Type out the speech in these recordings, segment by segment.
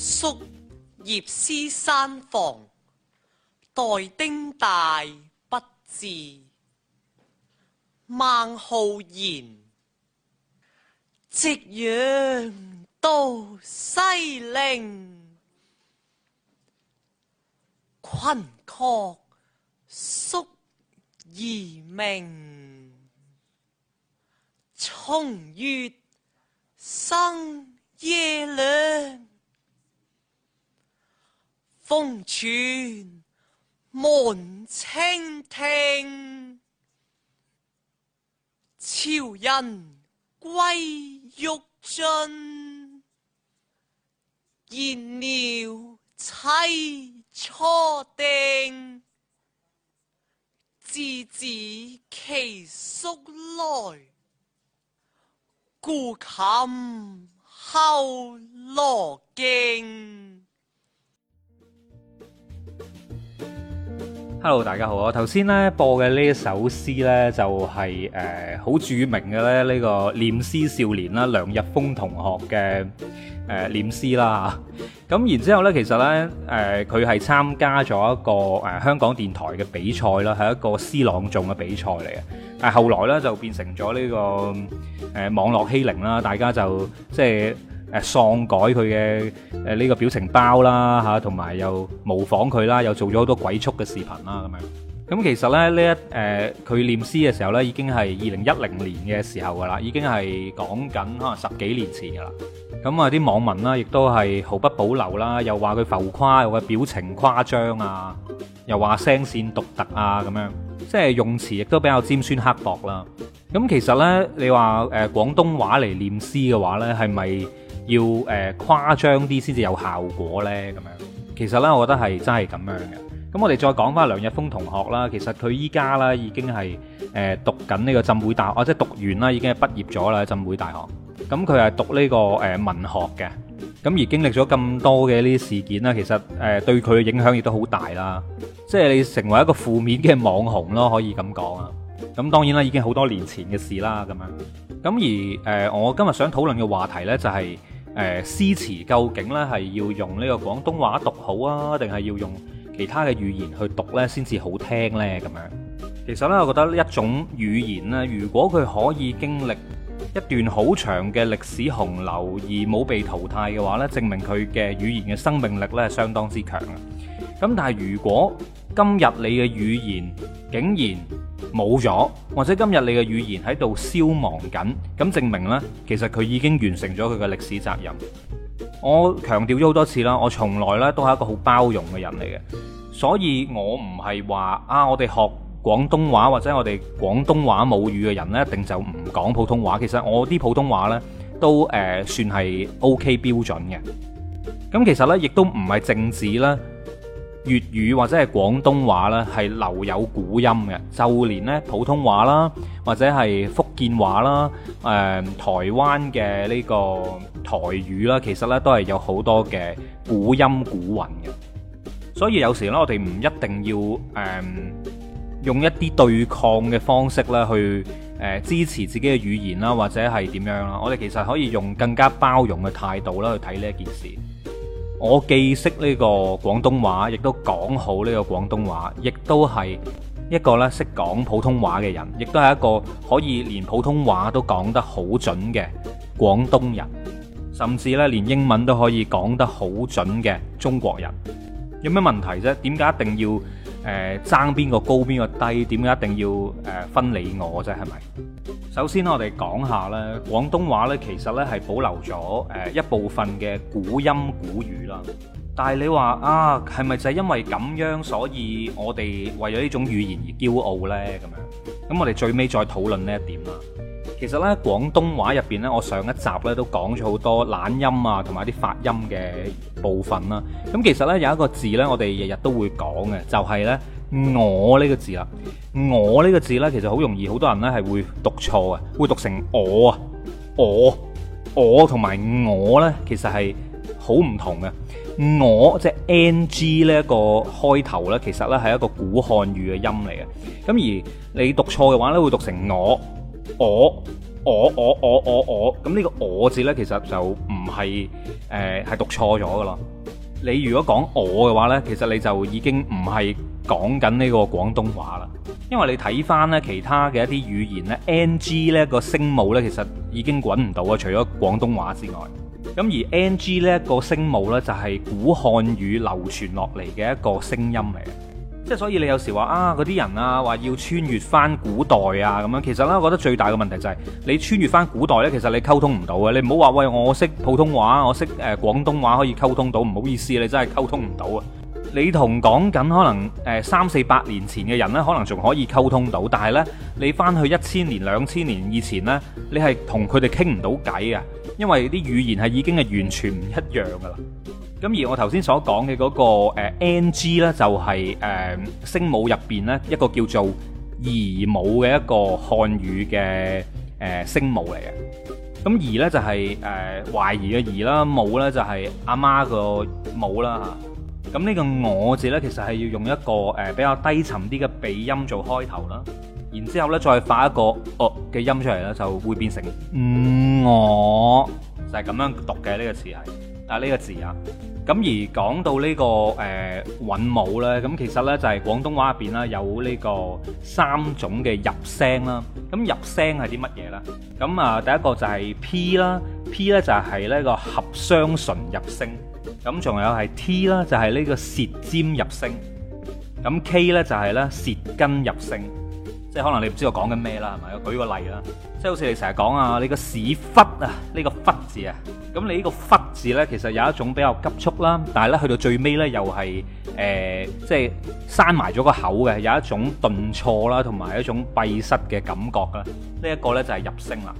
宿業師山房，待丁大不至。孟浩然：「夕陽到西嶺，群壑宿而鳴，松月生夜涼。風泉滿清聽，樵人歸欲盡，煙鳥棲初定，之子期宿來，孤琴候蘿徑。Hello，大家好啊！頭先咧播嘅呢一首詩咧就係誒好著名嘅咧呢、呢個念詩少年啦，梁日峰同學嘅誒、呃、念詩啦。咁然之後咧，其實咧誒佢係參加咗一個誒、呃、香港電台嘅比賽啦，係一個詩朗誦嘅比賽嚟嘅。但係後來咧就變成咗呢、呢個誒、呃、網絡欺凌啦，大家就即係。誒喪改佢嘅誒呢個表情包啦嚇，同埋又模仿佢啦，又做咗好多鬼畜嘅視頻啦咁樣。咁其實咧呢一誒佢念詩嘅時候咧，已經係二零一零年嘅時候噶啦，已經係講緊可能十幾年前噶啦。咁啊啲網民啦，亦都係毫不保留啦，又話佢浮誇，又話表情誇張啊，又話聲線獨特啊，咁樣即係用詞亦都比較尖酸刻薄啦。咁其實咧，你話誒廣東話嚟念詩嘅話咧，係咪，要誒誇張啲先至有效果呢？咁樣，其實呢，我覺得係真係咁樣嘅。咁我哋再講翻梁日峰同學啦，其實佢依家呢，已經係誒讀緊呢個浸會大，哦即係讀完啦，已經係畢業咗啦浸會大學。咁佢係讀呢個誒文學嘅。咁而經歷咗咁多嘅呢啲事件呢，其實誒對佢嘅影響亦都好大啦。即係你成為一個負面嘅網紅咯，可以咁講啊。咁當然啦，已經好多年前嘅事啦咁樣。咁而誒我今日想討論嘅話題呢，就係、是。誒詩詞究竟咧係要用呢個廣東話讀好啊，定係要用其他嘅語言去讀咧先至好聽咧？咁樣。其實咧，我覺得一種語言咧，如果佢可以經歷一段好長嘅歷史洪流而冇被淘汰嘅話咧，證明佢嘅語言嘅生命力咧相當之強嘅。咁但係如果今日你嘅語言竟然，冇咗，或者今日你嘅語言喺度消亡緊，咁證明呢，其實佢已經完成咗佢嘅歷史責任。我強調咗好多次啦，我從來呢都係一個好包容嘅人嚟嘅，所以我唔係話啊，我哋學廣東話或者我哋廣東話母語嘅人呢，一定就唔講普通話。其實我啲普通話呢都誒、呃、算係 OK 標準嘅。咁、嗯、其實呢，亦都唔係政治啦。粵語或者係廣東話呢係留有古音嘅。就連咧普通話啦，或者係福建話啦，誒、呃、台灣嘅呢個台語啦，其實呢都係有好多嘅古音古韻嘅。所以有時呢，我哋唔一定要誒、呃、用一啲對抗嘅方式咧去誒支持自己嘅語言啦，或者係點樣啦？我哋其實可以用更加包容嘅態度啦去睇呢一件事。我既識呢個廣東話，亦都講好呢個廣東話，亦都係一個咧識講普通話嘅人，亦都係一個可以連普通話都講得好準嘅廣東人，甚至咧連英文都可以講得好準嘅中國人。有咩問題啫？點解一定要？誒爭邊個高邊個低，點解一定要誒、呃、分你我啫？係咪？首先我講，我哋講下呢廣東話呢，其實呢係保留咗誒一部分嘅古音古語啦。但係你話啊，係咪就係因為咁樣，所以我哋為咗呢種語言而驕傲呢？咁樣，咁我哋最尾再討論呢一點啦。其實咧，廣東話入邊咧，我上一集咧都講咗好多懶音啊，同埋啲發音嘅部分啦、啊。咁、嗯、其實咧有一個字咧，我哋日日都會講嘅，就係、是、咧「我」呢個字啦。「我」呢個字咧，其實好容易，好多人咧係會讀錯嘅，會讀成「我」啊、「我」。「我」同埋「我」咧，其實係好唔同嘅。「我」，即係 ng 呢一個開頭咧，其實咧係一個古漢語嘅音嚟嘅。咁、嗯、而你讀錯嘅話咧，會讀成「我」。我我我我、呢個、我我咁呢個我字呢，其實就唔係誒係讀錯咗噶啦。你如果講我嘅話呢，其實你就已經唔係講緊呢個廣東話啦。因為你睇翻呢其他嘅一啲語言呢，ng 呢一、呢個聲母呢，其實已經滾唔到啊。除咗廣東話之外，咁而 ng 呢一、呢個聲母呢，就係、係、古漢語流傳落嚟嘅一個聲音嚟。即係所以你有時話啊嗰啲人啊話要穿越翻古代啊咁樣，其實呢我覺得最大嘅問題就係、是、你穿越翻古代呢。其實你溝通唔到嘅。你唔好話喂，我識普通話，我識誒廣東話可以溝通到，唔好意思，你真係溝通唔到啊！你同講緊可能誒、呃、三四百年前嘅人呢，可能仲可以溝通到，但係呢，你翻去一千年兩千年以前呢，你係同佢哋傾唔到偈嘅，因為啲語言係已經係完全唔一樣㗎喇。咁而我頭先所講嘅嗰個誒 ng 咧，就係誒聲母入邊咧一個叫做疑母嘅一個漢語嘅誒聲母嚟嘅。咁疑咧就係誒懷疑嘅疑啦，母咧就係阿媽個母啦嚇。咁呢個我字咧，其實係要用一個誒比較低沉啲嘅鼻音做開頭啦，然之後咧再發一個哦嘅音出嚟咧，就會變成我，就係咁樣讀嘅呢個詞係。啊呢、這個字啊，咁而講到呢、這個誒韻、呃、母呢，咁其實呢就係、是、廣東話入邊啦，有呢個三種嘅入聲啦。咁、啊、入聲係啲乜嘢呢？咁啊，第一個就係 P 啦、啊、P 呢就係呢個合雙唇入聲。咁、啊、仲有係 T 啦，就係呢個舌尖入聲。咁、啊、K 呢，就係呢舌根入聲。即係可能你唔知我講緊咩啦，係咪？我舉個例啦，即係好似你成日講啊，你個屎忽啊，呢個忽字啊，咁你呢個忽字呢，其實有一種比較急促啦，但係呢，去到最尾呢，又係誒，即係閂埋咗個口嘅，有一種頓挫啦，同埋一種閉塞嘅感覺啦。呢一個呢，就係入聲啦。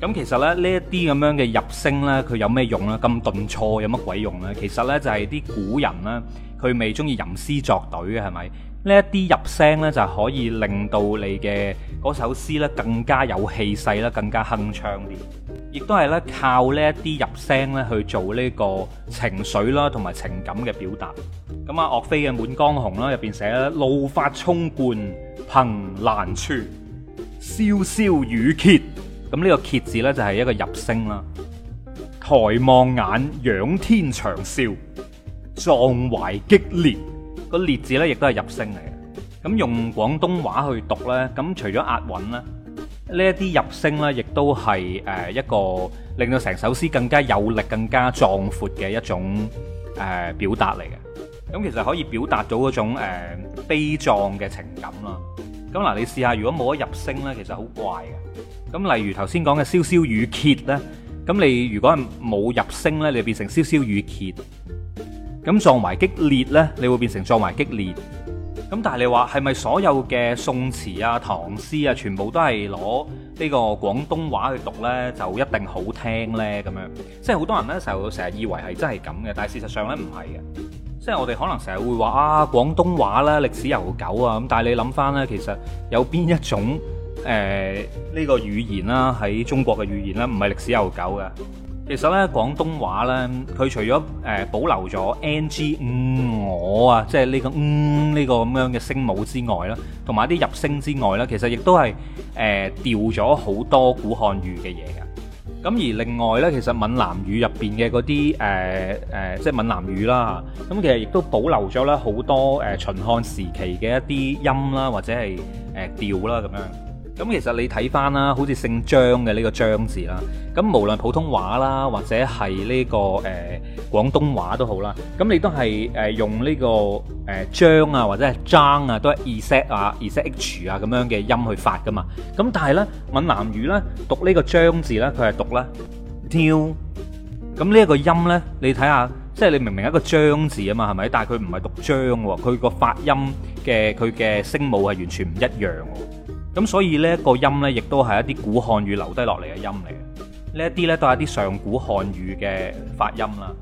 咁其實咧呢一啲咁樣嘅入聲呢，佢有咩用咧？咁頓挫有乜鬼用咧？其實呢，就係啲古人啦，佢未中意吟詩作對嘅，係咪？呢一啲入聲咧，就可以令到你嘅首詩咧更加有氣勢啦，更加鏗鏘啲。亦都係咧靠呢一啲入聲咧去做呢個情緒啦，同埋情感嘅表達。咁啊、嗯，岳飛嘅《滿江紅》啦，入邊寫啦，怒髮衝冠，憑欄處，瀟瀟雨歇。咁呢個歇字咧就係一個入聲啦。抬望眼，仰天長嘯，壯懷激烈。個列字咧，亦都係入聲嚟嘅。咁用廣東話去讀咧，咁除咗押韻咧，呢一啲入聲咧，亦都係誒一個令到成首詩更加有力、更加壯闊嘅一種誒表達嚟嘅。咁其實可以表達到嗰種誒悲壯嘅情感咯。咁嗱，你試下如果冇咗入聲咧，其實好怪嘅。咁例如頭先講嘅瀟瀟雨歇咧，咁你如果係冇入聲咧，你就變成瀟瀟雨歇。咁撞埋激烈呢，你會變成撞埋激烈。咁但係你話係咪所有嘅宋詞啊、唐詩啊，全部都係攞呢個廣東話去讀呢，就一定好聽呢？咁樣即係好多人咧就成日以為係真係咁嘅，但係事實上呢，唔係嘅。即係我哋可能成日會話啊，廣東話啦，歷史悠久啊。咁但係你諗翻呢，其實有邊一種誒呢個語言啦，喺中國嘅語言啦，唔係歷史悠久嘅。其實咧，廣東話咧，佢除咗誒、呃、保留咗 ng 五、嗯、我啊，即係呢、呢個嗯呢、呢個咁樣嘅聲母之外啦，同埋啲入聲之外啦，其實亦都係誒掉咗好多古漢語嘅嘢嘅。咁而另外咧，其實閩南語入邊嘅嗰啲誒誒，即係閩南語啦嚇，咁、嗯、其實亦都保留咗咧好多誒、呃、秦漢時期嘅一啲音啦，或者係誒調啦咁樣。咁其實你睇翻啦，好似姓張嘅呢個張字啦，咁無論普通話啦，或者係呢個誒廣東話都好啦，咁你都係誒用呢個誒張啊，或者係 jang 啊，都係 Z 啊 ZH 啊咁樣嘅音去發噶嘛。咁但係咧，閩南語咧讀呢個張字咧，佢係讀咧 tiao。咁呢一個音咧，你睇下，即係你明明係一個張字啊嘛，係咪？但係佢唔係讀張喎，佢個發音嘅佢嘅聲母係完全唔一樣。咁所以呢一個音呢，亦都係一啲古漢語留低落嚟嘅音嚟嘅。呢一啲呢，都係一啲上古漢語嘅發音啦。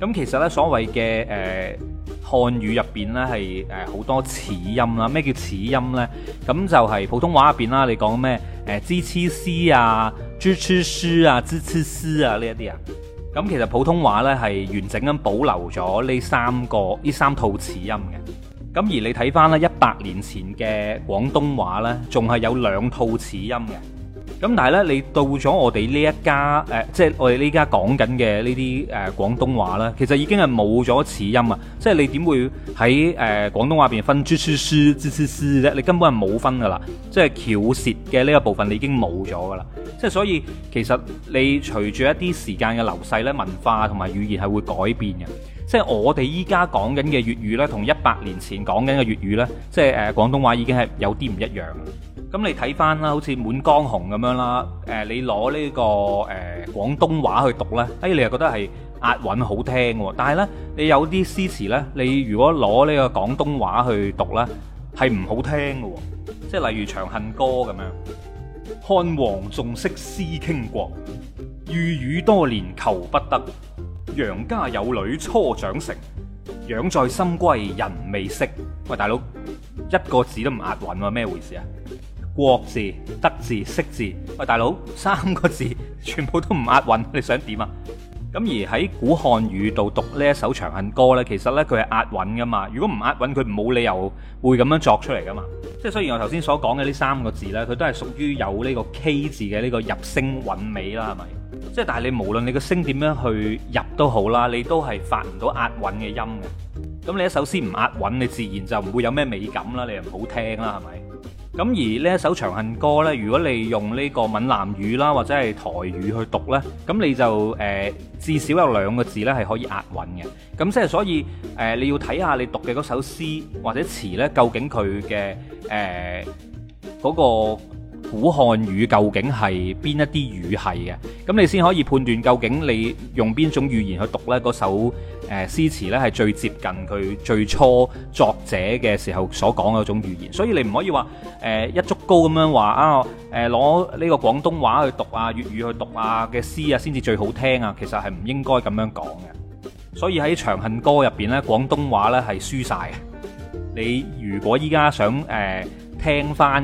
咁其實呢，所謂嘅誒漢語入邊呢，係誒好多齒音啦。咩叫齒音呢？咁就係普通話入邊啦。你講咩？誒 z c s 啊，zh ch sh 啊，z c s 啊呢一啲啊。咁、啊啊啊、其實普通話呢，係完整咁保留咗呢三個呢三套齒音嘅。咁而你睇翻咧，一百年前嘅廣東話呢，仲係有兩套齒音嘅。咁但係咧，你到咗我哋呢一家誒、呃，即係我哋呢家講緊嘅呢啲誒廣東話咧，其實已經係冇咗齒音啊！即係你點會喺誒、呃、廣東話入邊分豬豬豬、滋滋滋咧？你根本係冇分噶啦！即係翹舌嘅呢個部分，你已經冇咗噶啦！即係所以，其實你隨住一啲時間嘅流逝呢，文化同埋語言係會改變嘅。即係我哋依家講緊嘅粵語呢，同一百年前講緊嘅粵語呢，即係誒、呃、廣東話已經係有啲唔一樣。咁、嗯、你睇翻啦，好似《滿江紅》咁樣啦，誒你攞呢、呢個誒、呃、廣東話去讀呢，哎你又覺得係押韻好聽喎，但係呢，你有啲詩詞呢，你如果攞呢個廣東話去讀呢，係唔好聽嘅，即係例如《長恨歌》咁樣，漢皇重色思傾國，御宇多年求不得，楊家有女初長成，養在深閨人未識。喂，大佬一個字都唔押韻喎，咩回事啊？國字、德字、識字，喂大佬，三個字全部都唔押韻，你想點啊？咁而喺古漢語度讀呢一首長恨歌呢，其實呢，佢係押韻噶嘛。如果唔押韻，佢冇理由會咁樣作出嚟噶嘛。即係雖然我頭先所講嘅呢三個字呢，佢都係屬於有呢個 k 字嘅呢個入聲韻尾啦，係咪？即係但係你無論你個聲點樣去入都好啦，你都係發唔到押韻嘅音嘅。咁你一首詩唔押韻，你自然就唔會有咩美感啦，你又唔好聽啦，係咪？咁而呢一首長恨歌呢，如果你用呢個閩南語啦，或者係台語去讀呢，咁你就誒、呃、至少有兩個字呢係可以押韻嘅。咁即係所以誒、呃，你要睇下你讀嘅嗰首詩或者詞呢，究竟佢嘅誒嗰個。古漢語究竟係邊一啲語系嘅？咁你先可以判斷究竟你用邊種語言去讀呢？嗰首誒詩詞呢，係最接近佢最初作者嘅時候所講嗰種語言。所以你唔可以話誒、呃、一足高咁樣話啊，誒攞呢個廣東話去讀啊，粵語去讀啊，嘅詩啊先至最好聽啊。其實係唔應該咁樣講嘅。所以喺《長恨歌》入邊呢，廣東話呢係輸晒。你如果依家想誒，呃聽翻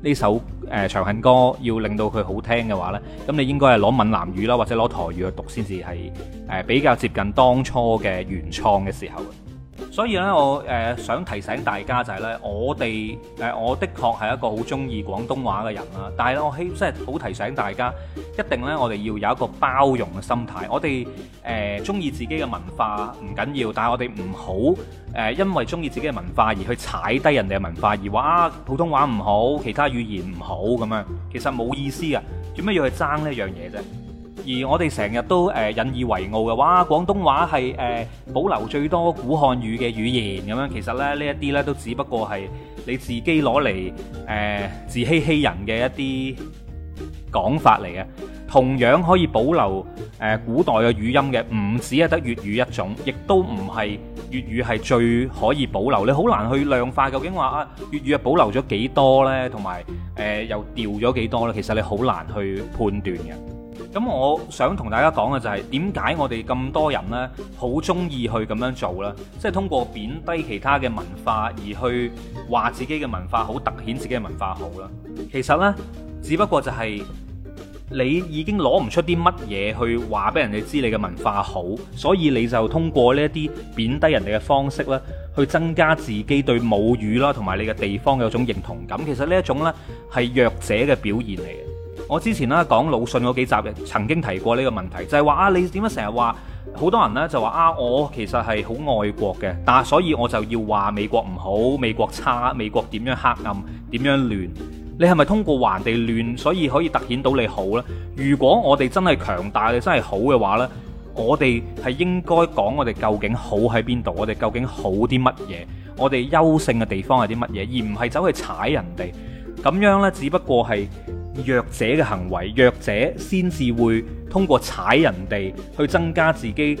呢首誒、呃、長恨歌，要令到佢好聽嘅話咧，咁你應該係攞閩南語啦，或者攞台語去讀先至係誒比較接近當初嘅原創嘅時候。所以咧，我誒、呃、想提醒大家就係、是、咧，我哋誒、呃、我的確係一個好中意廣東話嘅人啦。但係咧，我希即係好提醒大家，一定咧，我哋要有一個包容嘅心態。我哋誒中意自己嘅文化唔緊要，但係我哋唔好誒因為中意自己嘅文化而去踩低人哋嘅文化，而話普通話唔好，其他語言唔好咁樣。其實冇意思啊，做咩要去爭呢一樣嘢啫？而我哋成日都引以為傲嘅話,廣東話係保留最多古漢語嘅語言咁樣,其實呢一啲都只不過係你自己攞嚟自欺欺人嘅一啲講法嚟嘅,同樣可以保留古代嘅語音嘅唔止得粵語一種,亦都唔係粵語係最可以保留,你好難去量化究竟話啊,粵語保留咗幾多呢,同埋又掉咗幾多呢,其實你好難去判斷嘅。咁我想同大家講嘅就係點解我哋咁多人呢好中意去咁樣做啦，即係通過貶低其他嘅文化而去話自己嘅文化好，凸顯自己嘅文化好啦。其實呢，只不過就係你已經攞唔出啲乜嘢去話俾人哋知你嘅文化好，所以你就通過呢一啲貶低人哋嘅方式咧，去增加自己對母語啦，同埋你嘅地方有種認同感。其實呢一種呢係弱者嘅表現嚟嘅。我之前咧講魯迅嗰幾集曾經提過呢個問題，就係話啊，你點解成日話好多人呢？就話啊，我其實係好愛國嘅，但係所以我就要話美國唔好，美國差，美國點樣黑暗，點樣亂？你係咪通過環地亂，所以可以突顯到你好呢？如果我哋真係強大，你真係好嘅話呢，我哋係應該講我哋究竟好喺邊度？我哋究竟好啲乜嘢？我哋優勝嘅地方係啲乜嘢？而唔係走去踩人哋，咁樣呢，只不過係。弱者嘅行為，弱者先至會通過踩人哋去增加自己嘅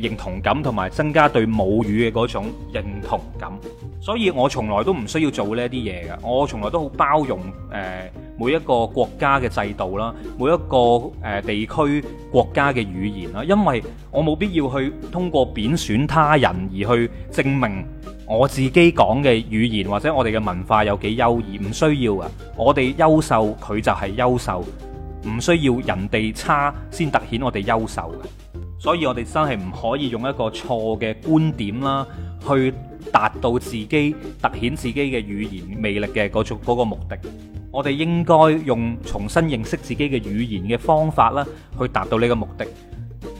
認同感，同埋增加對母語嘅嗰種認同感。所以我從來都唔需要做呢啲嘢嘅，我從來都好包容誒、呃、每一個國家嘅制度啦，每一個誒、呃、地區國家嘅語言啦，因為我冇必要去通過貶損他人而去證明我自己講嘅語言或者我哋嘅文化有幾優異，唔需要啊！我哋優秀，佢就係優秀，唔需要人哋差先突顯我哋優秀嘅。所以我哋真係唔可以用一個錯嘅觀點啦，去達到自己突顯自己嘅語言魅力嘅嗰種個目的。我哋應該用重新認識自己嘅語言嘅方法啦，去達到呢個目的。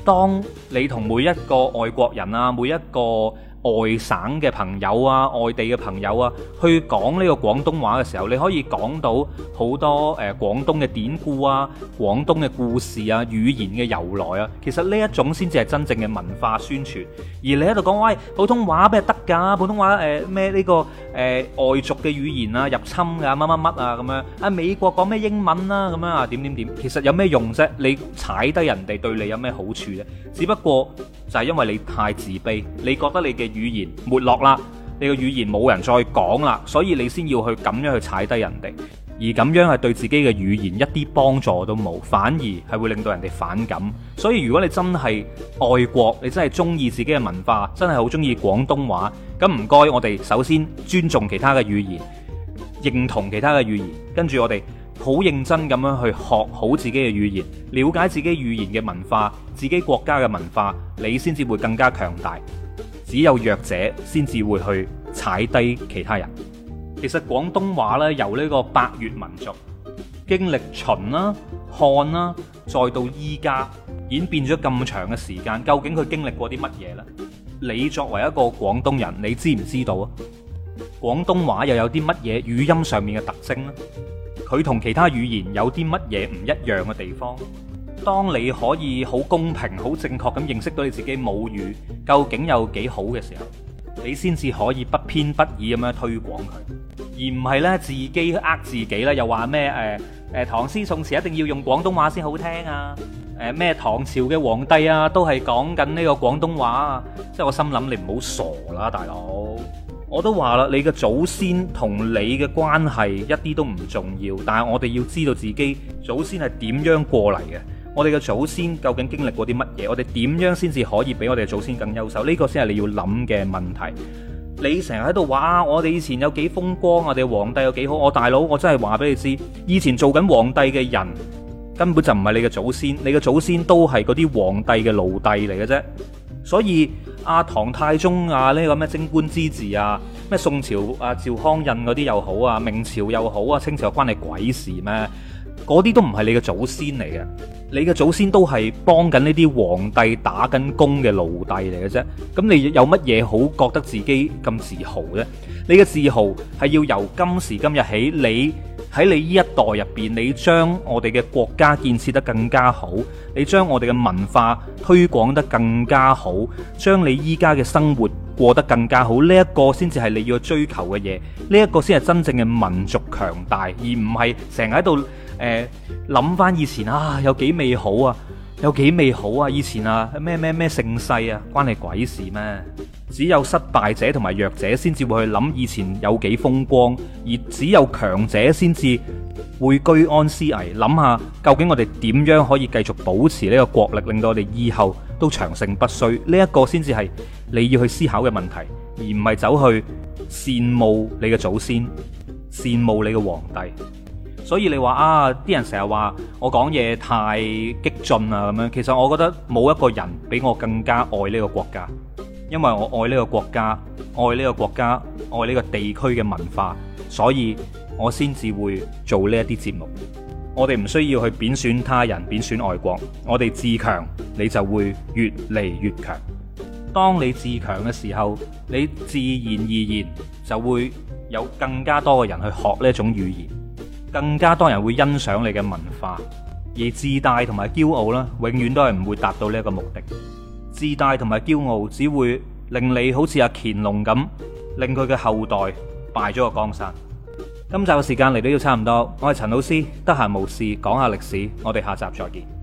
當你同每一個外國人啊，每一個外省嘅朋友啊，外地嘅朋友啊，去講呢個廣東話嘅時候，你可以講到好多誒、呃、廣東嘅典故啊、廣東嘅故事啊、語言嘅由來啊。其實呢一種先至係真正嘅文化宣傳。而你喺度講，喂、哎，普通話咩得㗎？普通話誒咩呢個誒、呃、外族嘅語言啊，入侵什麼什麼什麼啊乜乜乜啊咁樣啊美國講咩英文啊咁樣啊點點點，其實有咩用啫？你踩低人哋對你有咩好處咧？只不過。就係因為你太自卑，你覺得你嘅語言沒落啦，你嘅語言冇人再講啦，所以你先要去咁樣去踩低人哋，而咁樣係對自己嘅語言一啲幫助都冇，反而係會令到人哋反感。所以如果你真係愛國，你真係中意自己嘅文化，真係好中意廣東話，咁唔該，我哋首先尊重其他嘅語言，認同其他嘅語言，跟住我哋。好認真咁樣去學好自己嘅語言，了解自己語言嘅文化，自己國家嘅文化，你先至會更加強大。只有弱者先至會去踩低其他人。其實廣東話呢，由呢個百越民族經歷秦啦、啊、漢啦、啊，再到依家演變咗咁長嘅時間，究竟佢經歷過啲乜嘢呢？你作為一個廣東人，你知唔知道啊？廣東話又有啲乜嘢語音上面嘅特徵呢？佢同其他語言有啲乜嘢唔一樣嘅地方？當你可以好公平、好正確咁認識到你自己母語究竟有幾好嘅時候，你先至可以不偏不倚咁樣推廣佢，而唔係呢，自己呃自己啦，又話咩誒誒唐詩宋詞一定要用廣東話先好聽啊？誒、呃、咩唐朝嘅皇帝啊都係講緊呢個廣東話啊！即係我心諗你唔好傻啦，大佬。我都話啦，你嘅祖先同你嘅關係一啲都唔重要，但係我哋要知道自己祖先係點樣過嚟嘅。我哋嘅祖先究竟經歷過啲乜嘢？我哋點樣先至可以比我哋嘅祖先更優秀？呢個先係你要諗嘅問題。你成日喺度話我哋以前有幾風光，我哋皇帝有幾好。我大佬，我真係話俾你知，以前做緊皇帝嘅人根本就唔係你嘅祖先，你嘅祖先都係嗰啲皇帝嘅奴隸嚟嘅啫。所以。阿、啊、唐太宗啊，呢個咩貞觀之治啊，咩宋朝啊趙匡胤嗰啲又好啊，明朝又好啊，清朝又關你鬼事咩？嗰啲都唔係你嘅祖先嚟嘅，你嘅祖先都係幫緊呢啲皇帝打緊工嘅奴隸嚟嘅啫。咁你有乜嘢好覺得自己咁自豪咧？你嘅自豪係要由今時今日起你。喺你呢一代入邊，你將我哋嘅國家建設得更加好，你將我哋嘅文化推廣得更加好，將你依家嘅生活過得更加好，呢一個先至係你要追求嘅嘢，呢一個先係真正嘅民族強大，而唔係成日喺度誒諗翻以前啊有幾美好啊！有幾美好啊！以前啊，咩咩咩盛世啊，關你鬼事咩？只有失敗者同埋弱者先至會去諗以前有幾風光，而只有強者先至會居安思危，諗下究竟我哋點樣可以繼續保持呢個國力，令到我哋以後都長盛不衰。呢一個先至係你要去思考嘅問題，而唔係走去羨慕你嘅祖先，羨慕你嘅皇帝。所以你話啊，啲人成日話我講嘢太……進啊咁樣，其實我覺得冇一個人比我更加愛呢個國家，因為我愛呢個國家，愛呢個國家，愛呢個地區嘅文化，所以我先至會做呢一啲節目。我哋唔需要去貶損他人、貶損外國，我哋自強，你就會越嚟越強。當你自強嘅時候，你自然而然就會有更加多嘅人去學呢種語言，更加多人會欣賞你嘅文化。而自大同埋驕傲啦，永遠都係唔會達到呢一個目的。自大同埋驕傲只會令你好似阿啊乾隆咁，令佢嘅後代敗咗個江山。今集嘅時間嚟到要差唔多，我係陳老師，得閒無事講下歷史，我哋下集再見。